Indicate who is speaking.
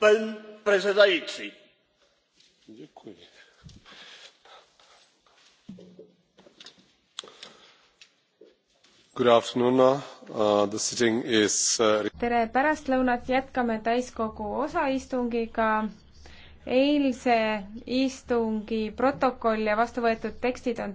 Speaker 1: pan
Speaker 2: předsedající
Speaker 3: uh, uh,
Speaker 4: uh,
Speaker 5: tere pärastlõunat jätkame täiskogu osaistungiga eilse istungi protokoll ja vastu võetud tekstid on teile jagatud.